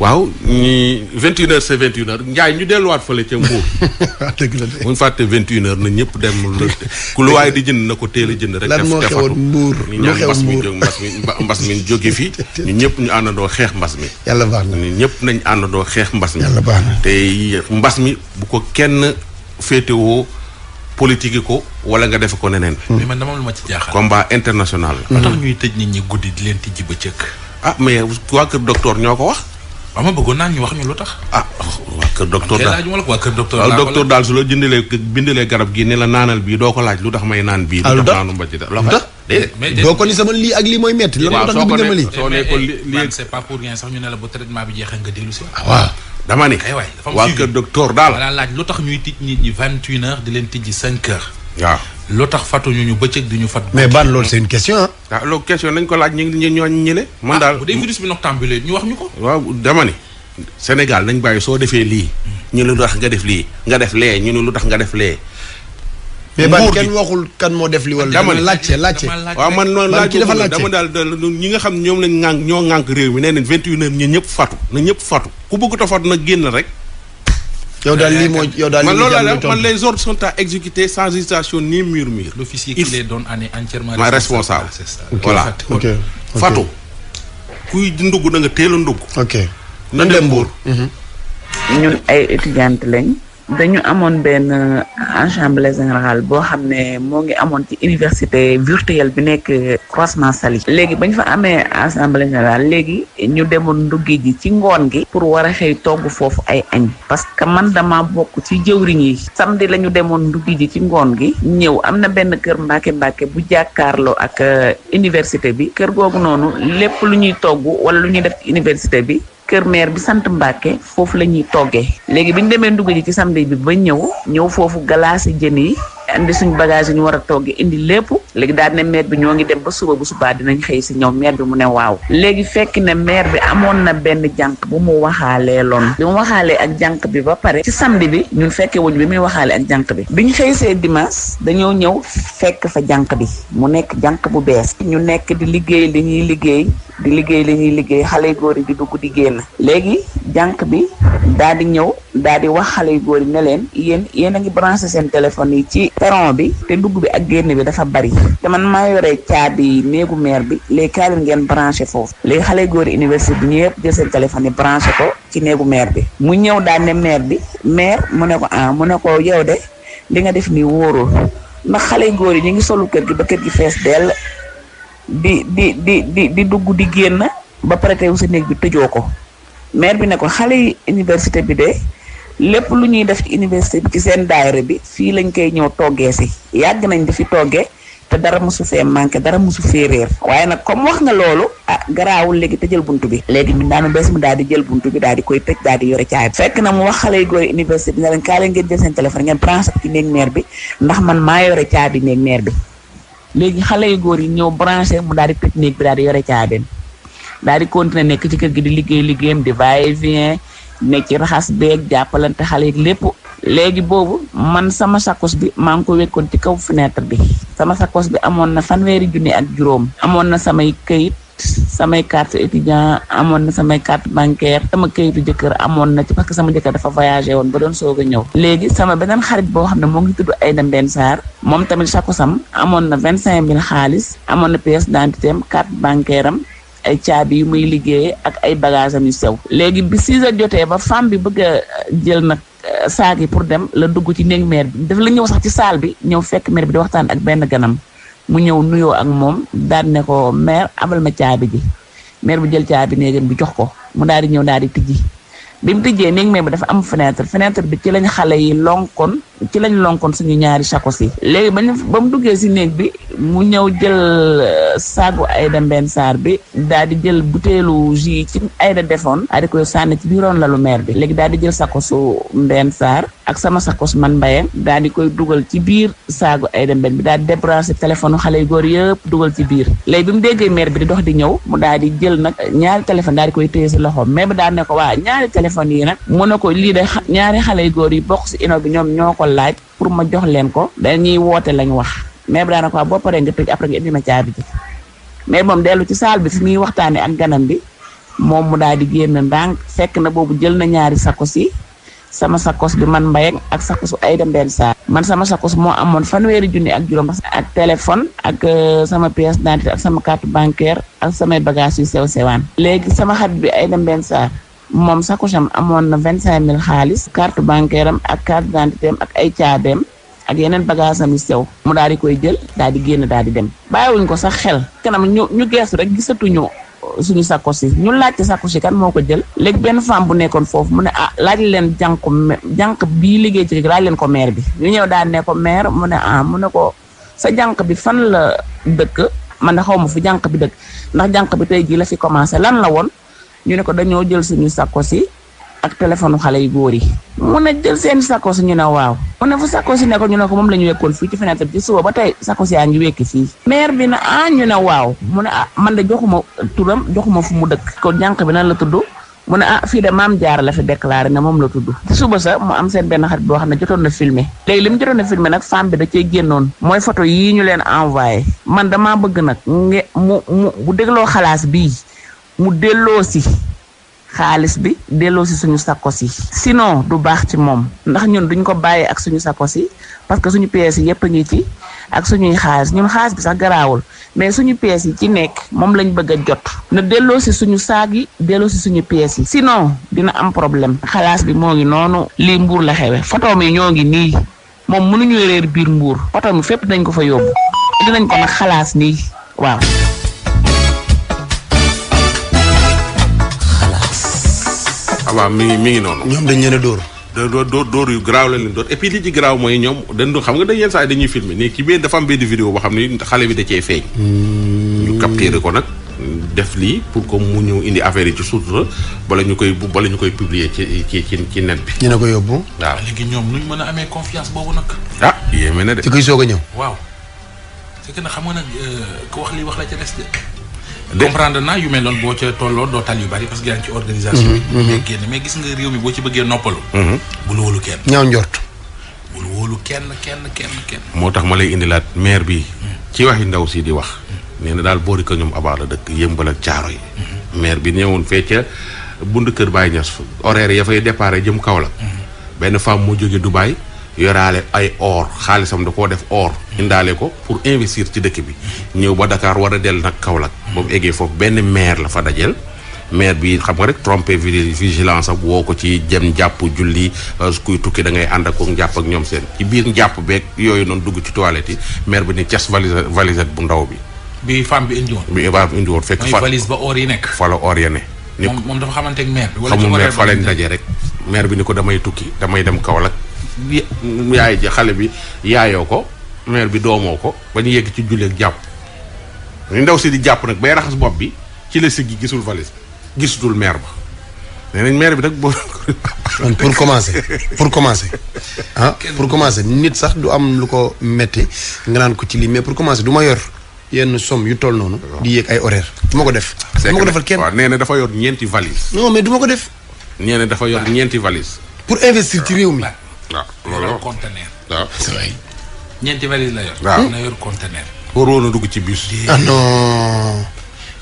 waaw ñi vingt une heures c'est vingt ñu delluwaat fële ca Mbour. dëgg la de. bu ñu fàtte vingt une na ñëpp dem. ku lu waaye di jënd na ko teel jënd rek. a moo xewoon Mbour ñu ñaan mbas mi mbas mbas mi jóge fi. ñu ñëpp ñu àndandoo xeex mbas mi. yàlla baax na ñëpp nañ àndandoo xeex mbas mi. te mbas mi bu ko kenn féetewoo politique ko wala nga defe ko neneen. mais man dama lu ma ci jaaxal. combat international la. tax ñuy tëj nit ñi guddi di leen tijji bëccëg. ah mais waa kër docteur ñoo ko wax waaw ma bëggoon naa ñu wax ñu lu tax. ah waa kër docteur daal la ko waa kër docteur. waaw docteur su la jëndalee bindalee garab gi ne la naanal bii doo ko laaj lu tax may naan bii. Ah, lu doo ko ni sama lii ak lii mooy métti. waaw soo ko nee la ba traitement nga dellu ah, waaw dama ni. waa kër docteur daal. voilà laaj lu tax ñuy tij nit ñi vingt et heures di leen tijji cinq heures. waaw lu tax fatuñu ñu bëccëg du ñu fat. mais ban loolu c'est une question waaw ah, loolu question nañ ko laaj ñu ngi ñoo ñu ne. man ah, daal bu dee virus bi noctambule ñu wax ñu ko. waaw dama ni Sénégal nañ bàyyi soo defee lii. ñu ne lu tax nga def lii nga def lee ñu ne lu tax nga def lee. mais ban kenn waxul kan moo def li wala. dama laajte laajte waaw man noonu laajte dama daal ñi nga xam ñoom lañ ŋànk ñoo ŋànk réew mi nee nañ 21 heures ñun ñëpp fatu na ñëpp fatu ku bëggut a fatu nag génn rek. yow daal lii moo yow daal lii man les ordres sont à exécuter sans hésitation ni murmure. l'officier qui responsable voilà Fatou kuy di ndugg da nga a ndugg ok nan mhm. ñun ay étudiante lañ dañu amoon benn euh, assemblée général boo xam ne moo ngi amoon ci université virtuelle bi nekk euh, croisement Saly léegi bañ fa amee assemblée générale léegi ñu demoon nduggi ji ci ngoon gi pour war a xëy togg foofu ay añ parce que man dama bokk ci jëwriñ yi samedi la ñu demoon nduggi ji ci ngoon gi ñëw am na benn kër mbàkke mbàkke bu jàkkaarloo ak euh, université bi kër googu noonu lépp lu ñuy togg wala lu ñuy def ci université bi kër meer bi sant Mbàkke foofu la ñuy toggee léegi bi ñu demee ndugg ji ci samedi bi ba ñëw ñëw foofu galaasi jën yi indi suñ bagage yi ñu war a togg indi lépp léegi daal ne maire bi ñoo ngi dem ba suba bu subaa dinañ xëy si ñëw maire bi mu ne waaw léegi fekk ne maire bi amoon na benn jànq bu mu waxaalee loon bi mu waxaalee ak jànq bi ba pare ci bi ñu fekkee wuñ muy waxaale ak jànq bi biñ xëy see dimanche dañoo ñëw fekk fa jànq bi mu nekk jànq bu bees ñu nekk di liggéey li ñuy liggéey di liggéey li ñuy liggéey xale góor yi di dugg di génn léegi jànq bi daal di ñëw daal di wax xale yu góor yi ne leen yéen yéen a ngi branché seen téléphone yi ci perron bi te dugg bi ak génn bi dafa bari te man maa yore caabi néegu maire bi léegi kaa leen ngeen branché foofu léegi xale góor yi bi ñëpp jël seen téléphone yi ko ci néegu maire bi mu ñëw daal ne maire bi maire mu ne ko ah mu ne ko yow de li nga def nii wóorul ndax xale yu góor yi ñu ngi solu kër gi ba kër gi fees dell di di di di di dugg di génn ba pare teew sa néeg bi tëjoo ko maire bi ne ko xale yi université bi de. lépp lu ñuy def ci université bi ci seen daayira bi fii lañ koy ñëw toggee si yàgg nañ di fi toggee te dara mosu fee manqué dara mosu fee waaye nag comme wax nga loolu ah garaawul léegi te jël buntu bi léegi mi daanu bees mi daal di jël buntu bi daal di koy tëj daal di yore caay fekk na mu wax xale yu góor yi université bi ne leen kaa leen ngeen jël seen téléphone ngeen branché ci néeg meer bi ndax man maa yore caabi néeg meer bi léegi xale yu góor yi ñëw branché mu daal di tëj néeg bi daal di yore caabeen daal di continuer nekk ci kër gi di liggéey liggéeyam di va et ne ci raxas beeg jàppalante xale yi lépp léegi boobu man sama sakos bi maa ngi ko wekkoon ci kaw fenêtre bi sama sakos bi amoon na fanweeri junni ak juróom amoon na samay këyit samay carte étudiant amoon na samay carte bancaire sama kayitu jëkkër amoon na ci parce que sama jëkkër dafa voyagé woon ba doon soog a ñëw léegi sama beneen xarit boo xam ne moo ngi tudd Aïda Mbène Sarr moom tamit sakosam amoon na vingt cinq mille xaalis amoon na pièce d'identité am carte bancaire am ay caabi yu muy liggéey ak ay bagage am yu sew léegi bi six heures jotee ba femme bi bëgg a euh, jël nag euh, saag yi pour dem la dugg ci néeg mère bi daf la ñëw sax ci saal bi ñëw fekk mère bi di waxtaan ak benn ganam mu ñëw nuyoo ak moom daan ne ko mère amal ma caabi ji mère bu jël caabi néegam bi jox ko mu daal di ñëw daal di tijji bi mu tijjee néeg mère bi dafa am fenêtre fenêtre bi ci lañ xale yi lonkoon. ci lañ lonkoon suñu ñaari sakos yi léegi ba ñu ba mu duggee si néeg bi mu ñëw jël euh, saagu Aïda Mbène saar bi daal di jël butéelu ji ci Aïda defoon daal di sànni ci biiroon lalu meer bi léegi daal di jël sakosu Mbène Sarr ak sama sakos man mbayam daal di koy dugal ci biir saagu Aïda Mbène bi daal di débranché téléphone xale yu góor yëpp dugal ci biir léegi bi mu déggee meer bi di dox di ñëw mu daal di jël nag ñaari téléphone daal di koy téye si loxoom meer bi daal ne ko waa ñaari téléphone yi nag mu ne ko lii de ñaari xale yu góor yi bokk si ino bi ñoom ñoo ko ko laaj pour ma jox leen ko dañuy woote lañ wax mais daana ko boo paree nga tëj après nga indi ma caabi ji mais moom dellu ci saal bi fi muy waxtaanee ak ganam bi moom mu daal di génn ndànk fekk na boobu jël na ñaari sakos yi sama sakos bi man Mbaye ak ay Ayda Mbène Sarr man sama sakos moo amoon fanweeri junni ak juróom ak téléphone ak euh, sama pièce d'identité ak sama carte bancaire ak samay bagages yu sew sewaan léegi sama xarit bi Ayda Mbène Sarr moom sacoche am amoon na vingt cinq mille xaalis carte bancaire am ak carte d'identité ak ay caabeem ak yeneen bagage am yu sew mu daal di koy jël daal di génn daal di dem bàyyiwuñ ko sax xel kanam ñu ñu geesu rek gisatuñu uh, suñu sacoche yi ñu laajte sacoche yi kan moo ko jël léegi benn femme bu nekkoon foofu mu ne ah laaj leen jànku jànk bii liggéey ci laaj leen ko maire bi ñu ñëw daal ne ko maire mu ne ah mu ko sa jànk bi fan la dëkk man na xaw ma fu janq bi dëkk ndax jànk bi tey jii la fi commencé lan la woon ñu ne ko dañoo jël suñu sakkos yi ak téléphone xale yu góor yi mu ne jël seen sakkos ñu ne waaw mu ne fu sakkos yi ko ñu ne ko moom la ñu wekkoon fii ci fenêtre bi ci suba ba tey sakkos yaa ngi wekki fii maire bi na ah ñu ne waaw mu ne ah man de joxuma turam joxuma mu dëkk ko jànq bi nan la tudd mu ne ah fii de maam jaar la fi déclaré ne moom la tudd suba sa mu am seen benn xarit boo xam ne jotoon na filmé léegi li mu jotoon na filmé nag femme bi da cee génnoon mooy photo yii ñu leen envoyé man damaa bëgg nag nge mu mu bu dégloo xalaas bii mu delloosi xaalis bi delloosi suñu sakos yi sinon du baax ci moom ndax ñun duñ ko bàyyi ak suñu sakos yi parce que suñu pièces yi yëpp a ci ak suñuy xaalis ñun xaalis bi sax garaawul mais suñu pièces yi ci nekk moom lañ bëgg a jot na delloosi suñu saak yi delloosi suñu pièces yi sinon dina am problème xalaas bi moo ngi noonu lii mbuur la xewe photo mi ñoo ngi nii moom mënuñu réer biir mbuur photo mi fépp dañ ko fa yóbbu dinañ ko nag xalaas nii waaw waaw mi ngi mi ngi noonu. ñoom dañ leen a dóor. dóor dóor dóor yu garaaw la leen dóor et puis li ci garaaw mooy ñoom dañ doon xam nga dañ yenn saa yi dañuy filmer nii ki benn dafa am benn vidéo xam ni hmm. ko nag. def lii pour que mu ñëw indi affaire yi ci sutura bala ñu koy bala ñu koy publier ci ci ci ci net bi. ñu ne ko yóbbu. waaw léegi ñoom lu ñu mën a amee confiance boobu nag. ah yéeme na de. ci a ñëw. waaw c'est que xam nga nag euh, ku lii wax la ca des de. comprendre naa yu mel noonu boo ca tolloo doo tal yu bari parce que yaa ngi ci organisation bi mm-hmm, mm-hmm. gis nga réew mi boo ci bëggee noppalu mm-hmm. bul wóolu kenn ñaw njort bul wóolu kenn kenn kenn moo tax ma lay indilaat maire bi ci waxi ndaw si di wax nee na daal boori ko ñoom abaa la dëkk yëmbal ak caaro yi maire bi ñëwoon fee ca bund kër baay Niass horaire ya fay déparé jëm Kaolack benn femme moo jóge Dubaay yoraale ay or xaalisam da koo def or indaale ko pour investir ci dëkk bi ñëw ba dakaar wara a dell nag Kaolack ba mu eggee foofu benn maire la fa dajeel maire bi xam nga rek trompé vigilance ak woo ko ci jëm jàpp julli euh, kuy tukki da ànd ak ko jàpp ak ñoom seen ci biir jàpp beeg yooyu noonu dugg ci toilette yi maire ni cas valise valisette bu ndaw bi bi femme bi indiwoon bi femme bi fekk fa valise ba or yi nekk fa la or moom dafa xamante ak maire bi wala xamul maire rek maire bi ni ko damay tukki damay dem Kaolack yaay ji xale bi yaayoo ko mère bi doomoo ko ba ñu yegg ci julleeg jàpp ñu ndaw si di jàpp nag bay raxas bopp bi ci la siggi gisul valise bi gisutul mère ba nee nañ mère bi nag boo pour commencer pour commencer ah pour commencer nit sax du am lu ko metti nga naan ko ci lii mais pour commencer du ma yor yenn somme yu toll noonu di yéeg ay horaire du ma ko def du ko defal kenn nee na dafa yor ñeenti valise non mais du ko def nee dafa yor ñeenti valise pour investir ci réew mi yor conteneur. waaw ñeenti valise la yor. waaw na yor conteneur. waroon a dugg ci bus. ah non.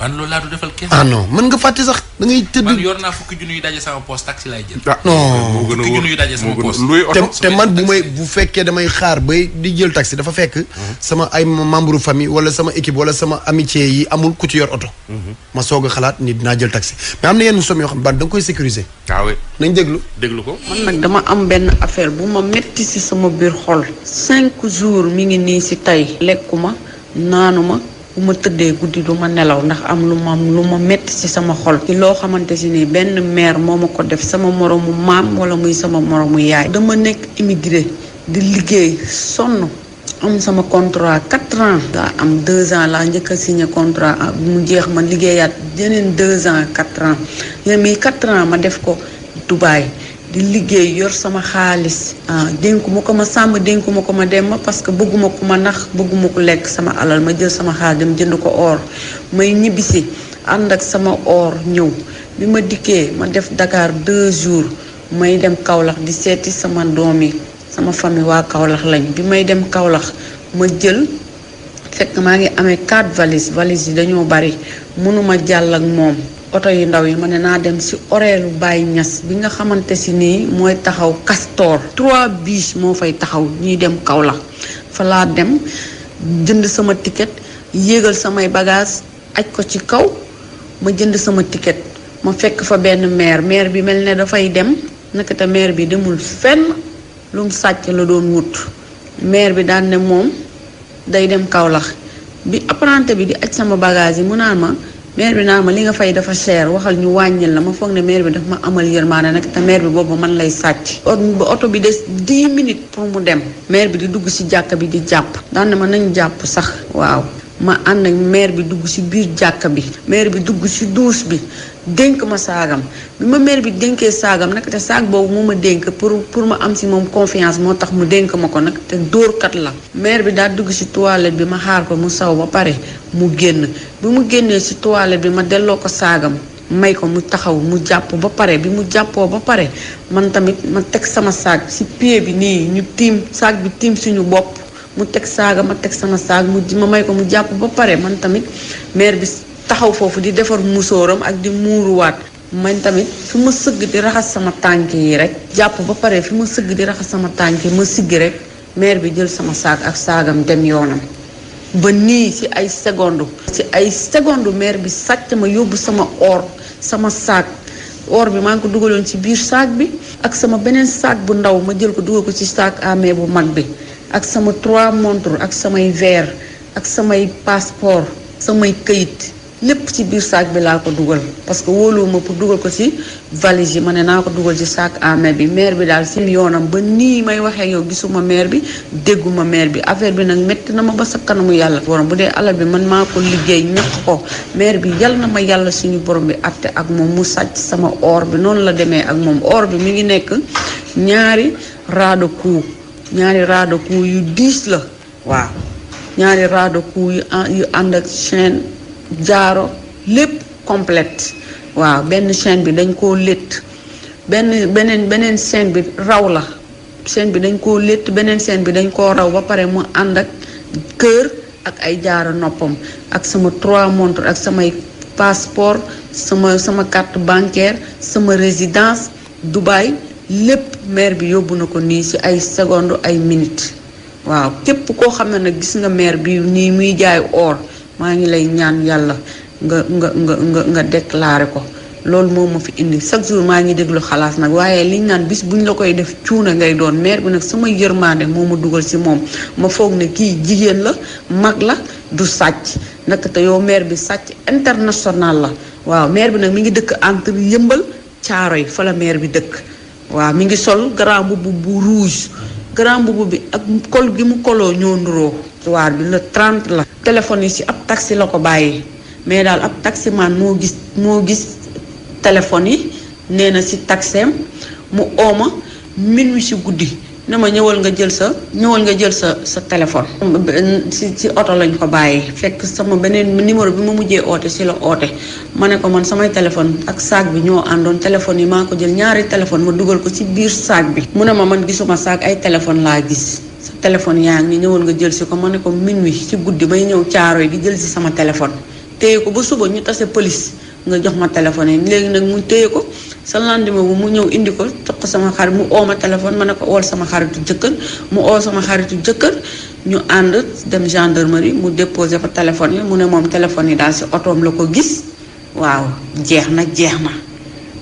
man loolu laa du defal kenn. ah non mën nga fàtte sax da ngay tëdd. man naa fukki junni yu daje sama poos taxi laay jël. ah non fukki junni yu daje sama poos te man bu may bu fekkee damay xaar bay di jël taxi dafa fekk. sama ay membre famille wala sama équipe wala sama amitier yi amul ku ci yor oto. Mhm. ma soog a xalaat ni dinaa jël taxi mais am na yenn somme yoo xam ban da nga koy sécuriser. Ah nañ déglu déglu ko. man dama am benn affaire bu ma métti si sama biir xol. cinq jours mi ngi nii si tey lekkuma naanuma. bu ma tëddee guddi du ma nelaw ndax am lu ma lu ma métti ci sama xol loo xamante si ni benn mère moo ma ko def sama moroomu maam mm. wala muy sama moroomu yaay dama nekk immigré di liggéey sonn am sama contrat quatre ans daa am deux ans laa njëkk a signé contrat ah, mu jeex ma liggéeyaat yeneen deux ans quatre ans yéen mi quatre ans ma def ko Dubaï di liggéey yor sama xaalis ah, dénku ma ko ma sàmm dénku ma ko ma dem ma parce que bëgguma ko ma nax bëgguma ko lekk sama alal ma jël sama xaalis dem jënd ko or may ñibbisi ànd ak sama or ñëw bi ma dikkee ma def dakaar deux jours may dem Kaolack di seeti sama doom sama famille waa Kaolack lañ bi may dem Kaolack ma jël fekk maa ngi amee quatre valises valises yi dañoo bari mënuma jàll ak moom oto yu ndaw yi ma ne naa dem si oreelu Baye ñas bi nga xamante si nii mooy taxaw Castor trois biches moo fay taxaw ñuy dem Kaolack fa laa dem jënd sama ticket yéegal samay bagaas aj ko ci kaw ma jënd sama ticket ma fekk fa benn maire maire bi mel ne dafay dem naka te bi demul fenn lu sàcc la doon wut maire bi daan ne moom day dem Kaolack bi apprenti bi di aj sama bagage yi mu naan ma maire bi naa ma li nga fay dafa cher waxal ñu wàññil la ma foog ne maire bi daf ma amal yërmaane nag te maire bi boobu man lay sàcc ba oto bi des 10 minutes pour mu dem maire bi di dugg si jàkka bi di jàpp daan na ma nañ jàpp sax waaw ma ànd ak maire bi dugg si biir jàkka bi maire bi dugg si duus bi dénk ma saagam bi ma mère bi dénkee saagam nag te saag boobu moo ma dénk pour pour ma am si moom confiance moo tax mu dénk ma ko nag te dóorkat la mère bi daa dugg si toilette bi ma xaar ko mu saw ba pare mu génn bi mu génnee si toilette bi ma delloo ko saagam may ko mu taxaw mu jàpp ba pare bi mu jàppoo ba pare man tamit ma teg sama saag si pied bi nii ñu tiim saag bi tiim suñu bopp mu teg saaga ma teg sama saag mu ma may ko mu jàpp ba pare man tamit mère bi taxaw foofu di defar musóoram ak di muuruwaat man tamit fi ma sëgg di raxas sama tànk yi rek jàpp ba pare fi ma sëgg di raxas sama tànk ma siggi rek maire bi jël sama saag ak saagam dem yoonam ba nii ci ay ci ay seconde maire bi sàcc ma yóbbu sama or sama saag or bi maa ngi ko dugaloon ci biir saag bi ak sama beneen saag bu ndaw ma jël ko dugal ko ci saag amee bu mag bi ak sama trois montre ak samay verre ak samay passeport samay këyit lépp ci biir saak bi laa ko dugal parce que wóoluwuma pour dugal ko ci valise yi ma ne naa ko dugal ci saak amee bi maire bi daal si yoonam ba nii may waxee yow gisuma maire bi dégguma maire bi affaire bi nag métti na ma ba sa kanamu yàlla borom bu dee alal bi man maa ko liggéey ñàkk ko maire bi yal na ma yàlla suñu borom bi atte ak moom mu sàcc sama or bi noonu la demee ak moom or bi mi ngi nekk ñaari raado kuu ñaari raado kuu yu diis la waaw ñaari raado jaaro lépp complète waaw benn chaîne bi dañ koo létt benn beneen beneen chaîne bi raw la chaîne bi dañ koo létt beneen chaîne bi dañ koo raw ba pare mu ànd ak kër ak ay jaaro noppam ak sama trois montre ak samay passeport sama sama carte bancaire sama résidence Dubaï lépp maire bi yóbbu na ko nii ci ay seconde ay minute waaw képp koo xam ne nag gis nga maire bi nii muy jaay or maa ngi lay ñaan yàlla nga nga nga nga nga déclaré ko loolu moom ma fi indi chaque jour maa ngi déglu xalaas nag waaye liñ naan bis buñ la koy def cuuna ngay doon maire bi nag sama yërmande moo ma dugal ci moom ma foog ne kii jigéen la mag la du sàcc naka te yow maire bi sàcc international la waaw maire bi nag mi ngi dëkk entre yëmbal caaro yi fa la maire bi dëkk waaw mi ngi sol grand mbubb bu rouge grand mbubu bi ak kol gi mu koloo ñoo nuroo soir bi la 30 la téléphone yi ci ab taxi la ko bàyyi mais daal ab taximaan moo gis moo gis téléphone yi nee na ci taxeem mu ooma mi ci guddi na ma ñëwal nga jël sa ñëwal nga jël sa sa téléphone. si si oto lañ ko bàyyi fekk sama beneen numéro bi ma mujjee oote si la oote ma ne ko man samay téléphone ak saag bi ñoo àndoon téléphone yi maa ko jël ñaari téléphone ma dugal ko ci biir saag bi. mu ne ma man gisuma saag ay téléphone laa gis. téléphone yaa ngi ñëwal nga jël si ko ma ne ko minuit ci guddi may ñëw caaro yi jël si sama téléphone téye ko ba suba ñu tase police nga jox ma téléphone yi léegi nag mu téye ko. sa lendemain bu mu ñëw indi ko toq sama xarit mu oo ma téléphone ma ne ko ool sama xaritu jëkkër mu oo sama xaritu jëkkër ñu ànd dem gendarmerie mu déposé fa téléphone yi mu ne moom téléphone yi daal si otoom la ko gis waaw jeex na jeex na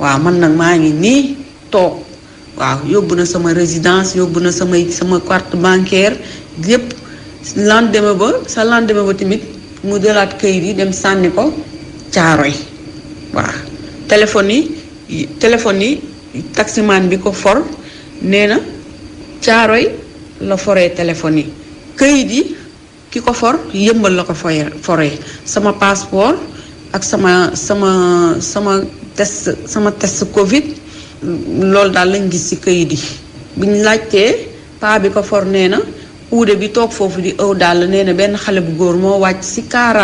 waaw man nag maa ngi nii toog waaw yóbbu na sama résidence yóbbu na samay sama carte bancaire lépp lendemain ba sa lendemain ba tamit mu dalaat këyit yi dem sànni ko caaro yi waaw téléphone yi téléphone yi taximaan bi ko for nee na caaroy la foree téléphone yi këyit yi ki ko for yëmbal la ko foye foree sama passeport ak sama sama sama test sama test covid loolu daal lañ gis ci këyit yi bi ñu laajtee paa bi ko for nee na uude bi toog foofu di ëw daal nee na benn xale bu góor moo wàcc ci car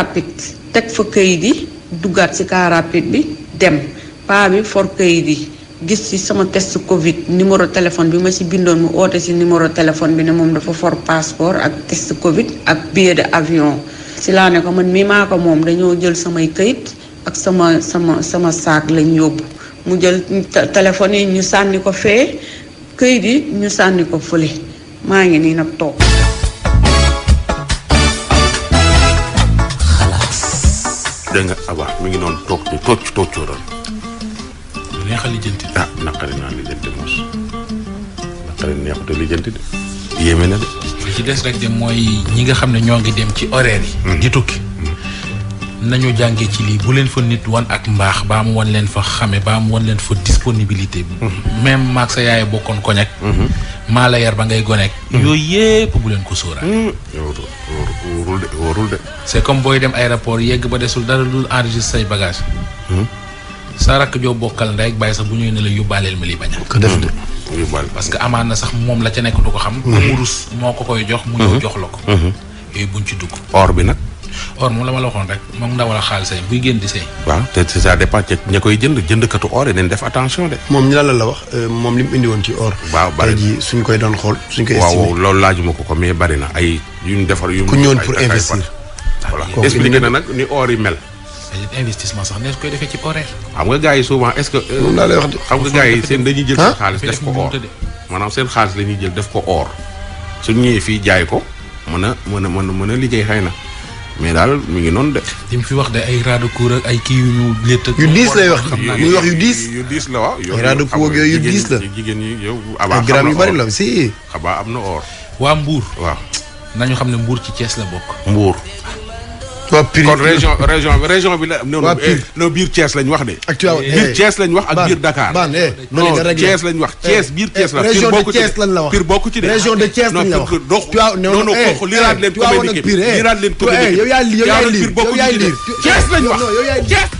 teg fa këyit yi duggaat ci car bi dem paa bi for kayit yi gis ci sama test Covid numéro téléphone bi ma ci bindoon mu oote ci numéro téléphone bi ne moom dafa for passeport ak test Covid ak billet avion ci laa ne ko man mii maa ko moom dañoo jël samay kayit ak sama sama saak lañ yóbbu mu jël téléphone yi ñu sànni ko fee kayit yi ñu sànni ko fële maa ngi nii nag toog. dégg nga Awa mi ngi noonu toog di tocc toccoo doon neex a lijjanti. ah naqari naa lijjanti yéeme na de. li ci des rek de mooy ñi nga xam ne ñoo ngi dem ci horaire yi. Mm-hmm. di tukki. Mm-hmm. nañu jàngee ci lii bu leen fa nit wan ak mbaax baa mu wan leen fa xame baa am wan leen fa disponibilité bi. Mm-hmm. même maag sa yaay bokkoon ko nekk. maa yar ba ngay gonek yooyu yépp bu leen ko sóoraal. wóorul comme booy dem aéroport yegg ba desul dara dul enregistré say bagages. sa rakk joo bokkal ndey ak bàyyi sax bu ñëwee ne la yóbbaaleel ma li bañ a. def de parce que amaan na sax moom la ca nekk du ko xam. Mhm. murus moo ko koy jox. mu ñëw mhm. jox la ko. Mhm. yooyu buñ ci dugg. or bi nag. or moom la ma la waxoon rek moom ndaw la xaalis say buy génn di say. jënd jëndkatu or yi nañ attention de. moom lan la la wax euh, moom li mu indi woon ci koy doon xool. suñ waaw loolu laajuma ko ko mais bari na ay. yu ñu defar yu mu. ku ñëwoon pour investir. voilà expliqué na nag ni or yi mel. investissement sax nees koy defee ci horaire. xam nga gars yi souvent est-ce que. Euh, moom laa lay wax de. xam nga gars yi seen dañuy def ko or maanaam seen la ñuy jël def ko or ñëwee fii jaay ko mën a mën a mën a mën a liggéey xay na mais daal mu ngi noonu de. li mu fi wax de ay raadu cour ay kii yu ñu létt yu diis lay wax xam naa muy wax yu diis. yu diis la waaw yow raadu cour yooyu yu jigéen ñi yow. abaa xam yu bari la si. xabaa am na or. waa Mbour. waaw nañu xam ne mbuur ci Thiès la bokk. mbuur waa Pire kon région région eh, biir Thiès lañ eh, wax ak Tivaouane biir Thiès lañ wax ak biir Dakar. ban eh, wax Thiès biir Thiès région de Thiès lañ wax Pire bokku ci de. région de wax Tivaouane non non kooku leen. wax